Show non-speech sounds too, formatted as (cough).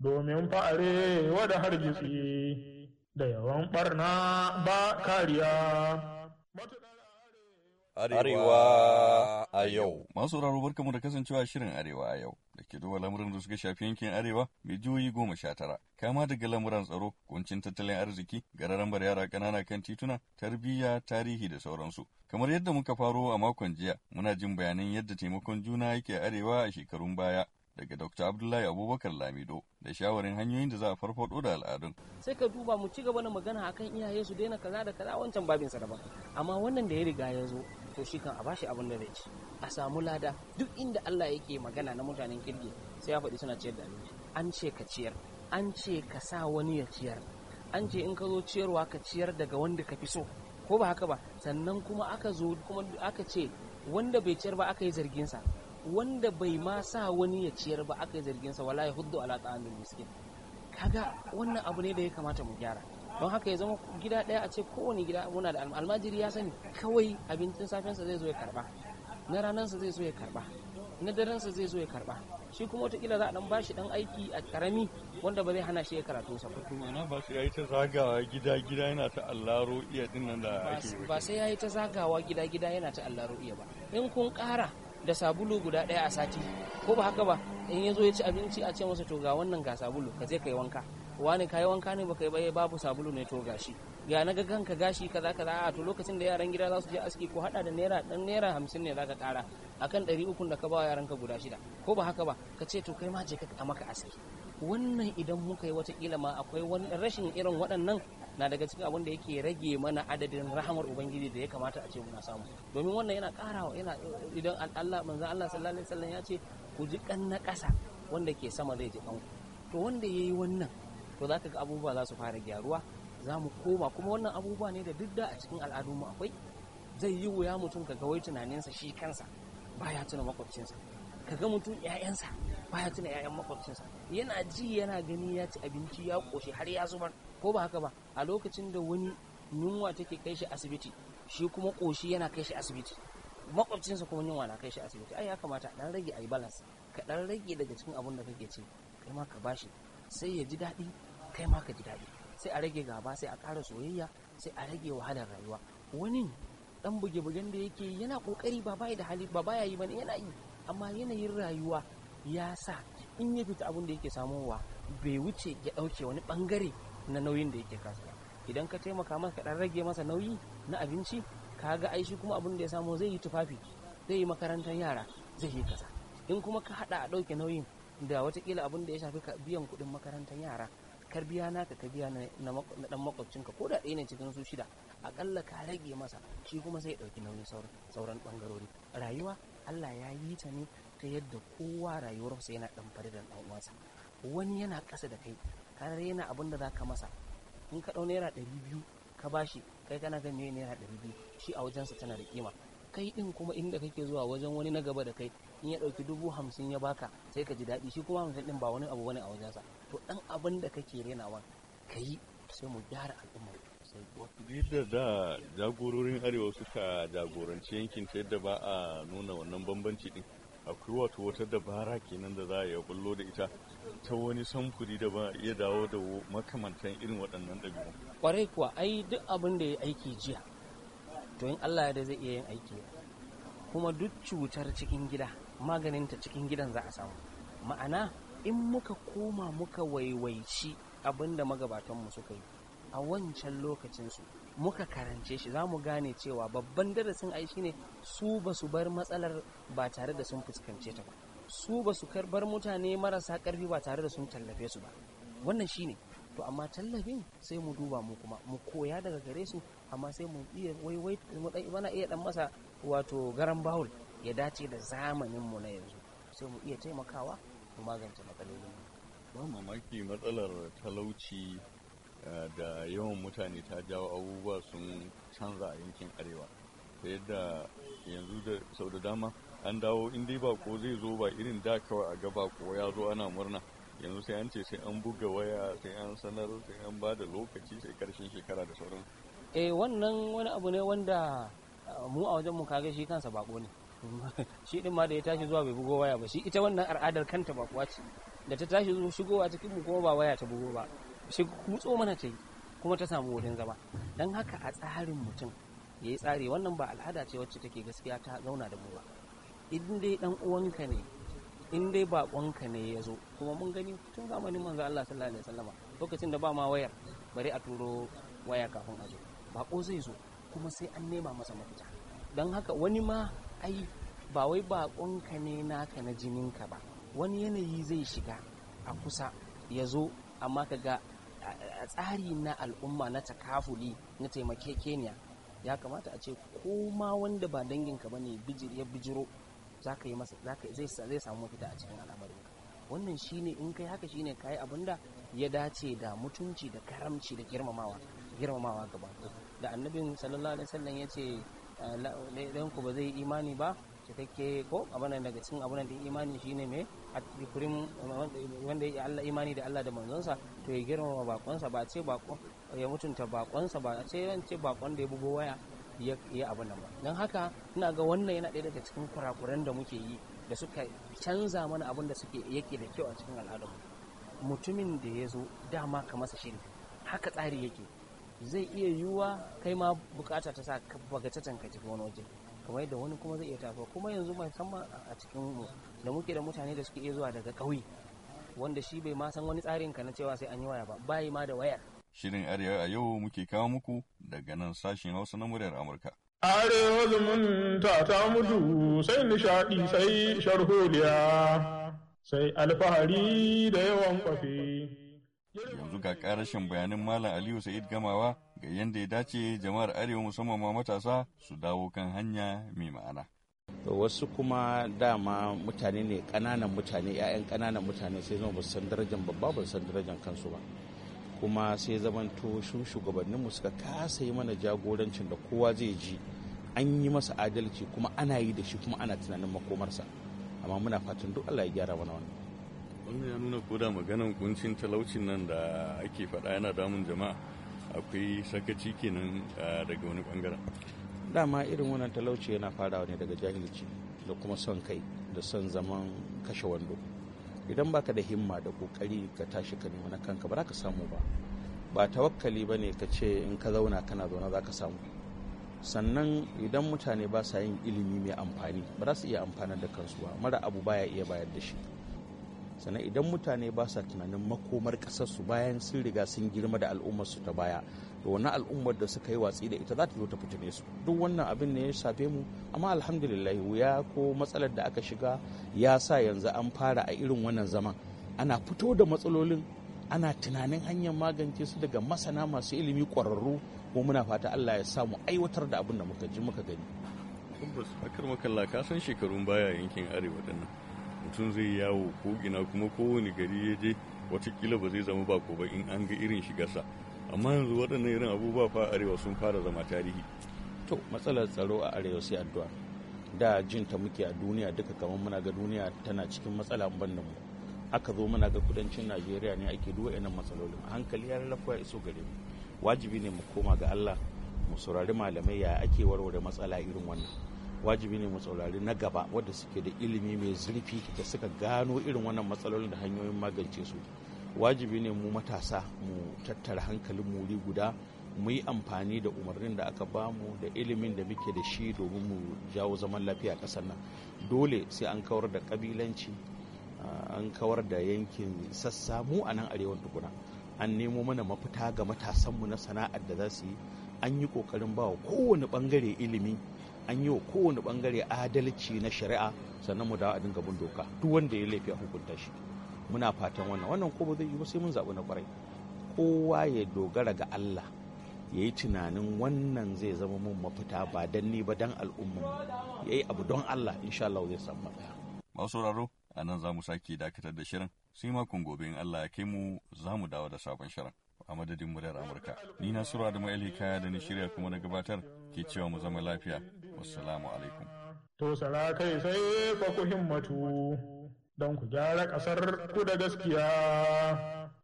domin fa'are wada hargitsi da yawan ɓarna ba kariya. Arewa a yau. Masu raro barkamu da kasancewa shirin Arewa a yau da ke duba lamuran da suka shafi yankin Arewa mai mijiyoyi goma sha tara. Kama daga lamuran tsaro, kuncin tattalin arziki, gararan bar yara ƙanana kan tituna, tarbiyya, tarihi da sauransu. Kamar yadda muka faro a makon jiya, muna jin bayanan yadda taimakon juna yake Arewa a shekarun baya daga Dr. Abdullahi Abubakar Lamido da shawarin hanyoyin da za a farfado da al'adun. Sai ka duba mu ci gaba da magana akan iyaye su daina kaza da kaza wancan babinsa sa daban. Amma wannan da ya riga ya zo to shi kan a bashi abin da zai ci. A samu lada duk inda Allah yake magana na mutanen kirge sai ya faɗi suna ciyar da abinci. An ce ka ciyar, an ce ka sa wani ya ciyar, an ce in ka zo ciyarwa ka ciyar daga wanda ka fi so. Ko ba haka ba sannan kuma aka zo kuma aka ce wanda bai ciyar ba aka yi zargin sa wanda bai ma sa wani ya ciyar ba aka yi zargin sa wala ya huddu ala ta'amil miskin kaga wannan abu ne da ya kamata mu gyara don haka ya zama gida daya a ce kowane gida muna da almajiri ya sani kawai abincin safensa zai zo ya karba na ranansa zai zo ya karba na darensa zai zo ya karba shi kuma watakila za a dan bashi dan aiki a karami wanda ba zai hana shi ya karatu sa ba kuma na ba yayi ta zagawa gida gida yana ta allaro iya din da ba sai yayi ta zagawa gida gida yana ta allaro iya ba in kun kara da sabulu guda ɗaya a sati ko ba haka ba in ya zo ya ci abinci a ce masa to ga wannan ga sabulu ka je ka yi wanka wani kayi wanka ne baka yi ba eh, babu sabulu ne to gashi ga na ga kanka gashi kaza kaza a ah, to lokacin da yaran gida za su je aski ko hada da naira dan naira hamsin ne zaka kara akan ɗari ukun da ka ba yaran ka guda shida ko ba haka ba ka ce to kai ma je ka a maka aski wannan idan muka yi watakila ma akwai wani rashin irin waɗannan na daga cikin abin da yake rage mana adadin rahamar ubangiji da ya kamata a ce muna samu domin wannan yana karawa yana idan Allah manzo Allah sallallahu alaihi wasallam ya ce ku ji kan na ƙasa wanda ke sama zai ji kanku to wanda yayi wannan to za ka ga abubuwa za su fara gyaruwa za mu koma kuma wannan abubuwa ne da duk da a cikin al'adu mu akwai zai yi wuya mutum ka wai tunaninsa shi kansa baya tuna makwabcinsa ka ga mutum 'ya'yansa baya tuna 'ya'yan makwabcinsa yana ji yana gani ya ci abinci ya ƙoshi har ya zubar ko ba haka ba a lokacin da wani yunwa take kai shi asibiti shi kuma ƙoshi yana kai shi asibiti makwabcinsa kuma yunwa na kai shi asibiti ai ya kamata a rage a balance ka ɗan rage daga cikin abun da kake ci kai ma ka bashi sai ya ji daɗi kai ma ka ji daɗi sai a rage gaba sai a ƙara soyayya sai a rage wahalar rayuwa wani dan buge-bugen da yake yana kokari ba bayi da hali ba baya yi bane yana yi amma yanayin rayuwa ya sa in ya fita abin da yake samowa bai wuce ya ɗauke wani bangare na nauyin da yake kasa idan ka taimaka masa ka ɗan rage masa nauyi na abinci ka ga aishi kuma abin da ya samo zai yi tufafi zai yi makarantar yara zai yi kasa in kuma ka haɗa a ɗauke nauyin da watakila abin da ya shafi biyan kuɗin makarantar yara kar biya naka ka biya na dan makwabcinka ko da ɗaya ne cikin su shida akalla ka rage masa shi kuma sai ɗauki nauyin sauran ɓangarori rayuwa Allah ya yi ta ne ta yadda kowa rayuwarsa yana dan fari da ɗan uwansa wani yana kasa da kai ka yana abun da zaka masa in ka ɗau naira ɗari biyu ka bashi kai kana ga ne naira ɗari biyu shi a wajensa tana da kima kai ɗin kuma inda kake zuwa wajen wani na gaba da kai in ya ɗauki dubu hamsin ya baka sai ka ji daɗi shi kuma hamsin ɗin ba wani abu wani a wajensa to dan abin da kake renawa ka yi sai mu gyara al'ummar da da jagororin arewa suka jagoranci yankin ta yadda ba a nuna wannan bambanci din akwai wato wata dabara kenan da za a iya kullo da ita ta wani samfuri da ba iya dawo da makamantan irin waɗannan ɗabi'u kwarai kuwa ai duk abin da ya aiki jiya to in allah ya da zai iya yin aiki kuma duk cutar cikin gida maganin ta cikin gidan za a samu ma'ana in muka koma muka waiwaici abin da magabatanmu suka yi a wancan lokacinsu muka karance shi za mu gane cewa babban darasin ai ne su ba su bar matsalar ba tare da sun fuskance ta ba su ba su bar mutane marasa karfi ba tare da sun tallafe su ba wannan shi ne to amma tallafin sai mu duba mu kuma mu koya daga gare su amma sai mu iya waiwai iya dan masa wato garan bawul ya dace da zamanin mu na yanzu sai mu iya taimakawa fi magance matsalolin ba mamaki matsalar talauci eh, da yawan mutane ta jawo abubuwa sun canza a yankin arewa ta yadda yanzu da sau da dama an dawo in dai bako zai zo ba irin da kawai a gaba ko ya zo ana murna yanzu sai an ce sai an buga waya sai an sanar sai an ba da lokaci sai karshen shekara da sauran eh wannan wani abu ne wanda eh, mu a wajen mu kaga shi kansa bako ne (laughs) shi din ma da ya tashi zuwa bai bugo waya ba shi ita wannan al'adar kanta ba kuwa ce da ta tashi zuwa shigowa cikin mu kuma ba waya ta bugo ba shi kutso mana ta yi kuma ta samu wurin zama don haka a tsarin mutum ya yi tsari wannan ba al'ada ce wacce take gaskiya ta zauna da mu ba in dai dan uwanka ne in dai bakonka ne ya zo kuma mun gani tun zamanin manzo Allah sallallahu alaihi wasallama lokacin da ba ma wayar bari a turo waya kafin a zo bako zai zo kuma sai an nema masa mafita don haka wani ma ai ba wai bakonka ne naka na jinin ka ba wani yanayi zai shiga a kusa ya zo amma ka ga a tsari na al'umma na takafuli na taimake taimakekeniya ya kamata a ce ko ma wanda ba danginka ba ne ya bijiro zai samu mafita a cikin al'amarinka wannan shine in kai haka shine kayi abin da ya dace da mutunci da karamci da girmamawa girmamawa gaban da annabin sallallahu alaihi wasallam ya ce Ɗan ku ba zai yi imani ba cikakke ko abin daga cikin abin da imani shine me a kurin wanda ya Allah imani da Allah da manzonsa to ya girmama bakonsa ba ce bakon ya mutunta bakonsa ba ce ran ce bakon da ya bugo waya ya yi abin ba don haka ina ga wannan yana ɗaya daga cikin kurakuran da muke yi da suka canza mana abin da suke yake da kyau a cikin al'adun mutumin da ya zo dama ka masa shiri haka tsari yake zai iya yiwuwa kai ma bukata ta sa bagacatan ka tafi wani waje kamar yadda wani kuma zai iya tafiya kuma yanzu mai musamman a cikin mu da muke da mutane da suke iya zuwa daga ƙauye wanda shi bai ma san wani tsarin ka na cewa sai an yi waya ba bayi ma da wayar shirin arewa a yau muke kawo muku daga nan sashen hausa na muryar amurka arewa zumunta ta mutu sai nishaɗi sai sharholiya sai alfahari da yawan kwafi Yanzu ga karashin bayanin Malam Aliyu Sa'id Gamawa ga yadda ya dace jama'ar Arewa musamman ma matasa su dawo kan hanya mai ma'ana. wasu kuma dama mutane ne ƙananan mutane 'ya'yan kananan mutane sai zama ba san darajar babba ba san darajar kansu ba kuma sai zamanto shugabannin shugabanninmu suka kasa yi mana jagorancin da kowa zai ji an yi masa adalci kuma ana yi da shi kuma ana tunanin makomarsa amma muna fatan duk allah ya gyara mana wannan wannan ya nuna koda maganan kuncin talaucin nan da ake faɗa yana damun jama'a akwai sakaci kenan daga wani bangaren dama irin wannan talauci yana farawa ne daga jahilci da kuma son kai da son zaman kashe wando idan baka da himma da kokari ka tashi ka nemi na kanka ba za ka samu ba ba tawakkali ba ne ka ce in ka zauna kana zauna za ka samu sannan idan mutane ba sa yin ilimi mai amfani ba za su iya amfanar da kansu ba mara abu baya iya bayar da shi sannan idan mutane ba sa tunanin makomar ƙasarsu bayan sun riga sun girma da al'ummarsu ta baya to wani al'ummar da suka yi watsi da ita za ta zo ta fitine su duk wannan abin ne ya shafe mu amma alhamdulillah wuya ko matsalar da aka shiga ya sa yanzu an fara a irin wannan zaman ana fito da matsalolin ana tunanin hanyar magance su daga masana masu ilimi kwararru ko muna fata Allah ya samu aiwatar da abin da muka ji muka gani. Tabbas, akar makalla ka shekarun baya yankin arewa dinnan. mutum zai yawo ko gina kuma kowane gari ya je watakila ba zai zama ba ko ba in an ga irin shigarsa amma yanzu waɗannan irin abubuwa fa arewa sun fara zama tarihi to matsalar tsaro a arewa sai addu'a da jin ta muke a duniya duka kamar muna ga duniya tana cikin matsala ban da mu aka zo muna ga kudancin najeriya ne ake duwa inan matsalolin hankali ya lafiya iso gare mu wajibi ne mu koma ga allah mu saurari malamai ya ake warware matsala irin wannan wajibi ne mu saurari na gaba wadda suke da ilimi mai zurfi da suka gano irin wannan matsalolin da hanyoyin magance su wajibi ne mu matasa mu tattara hankalin muri guda mu yi amfani da umarnin da aka bamu da ilimin da muke da shi domin mu jawo zaman lafiya ƙasar nan dole sai an kawar da ƙabilanci ah, an kawar da yankin sassa mu a nan arewan tukuna an nemo mana mafita ga matasanmu na sana'ar da za su yi an yi ƙoƙarin ba wa kowane ɓangare ilimi an yi wa kowane bangare adalci na shari'a sannan mu dawo a dinga bin doka duk wanda ya laifi a hukunta shi muna fatan wannan wannan ko ba zai yi ba sai mun zaɓi na kwarai kowa ya dogara ga Allah ya yi tunanin wannan zai zama mun mafita ba dan ni ba dan al'umma ya yi abu don Allah insha Allah zai samu mafita. Ba sauraro a nan za mu sake dakatar da shirin sai makon gobe in Allah ya kai mu za mu dawo da sabon shirin. a madadin muryar Amurka. Ni na Sura da Ma'ali da ni shirya kuma na gabatar ke cewa mu zama lafiya. Wassalamu alaikum. To kai sai ku himmatu don ku gyara ƙasar ku da gaskiya.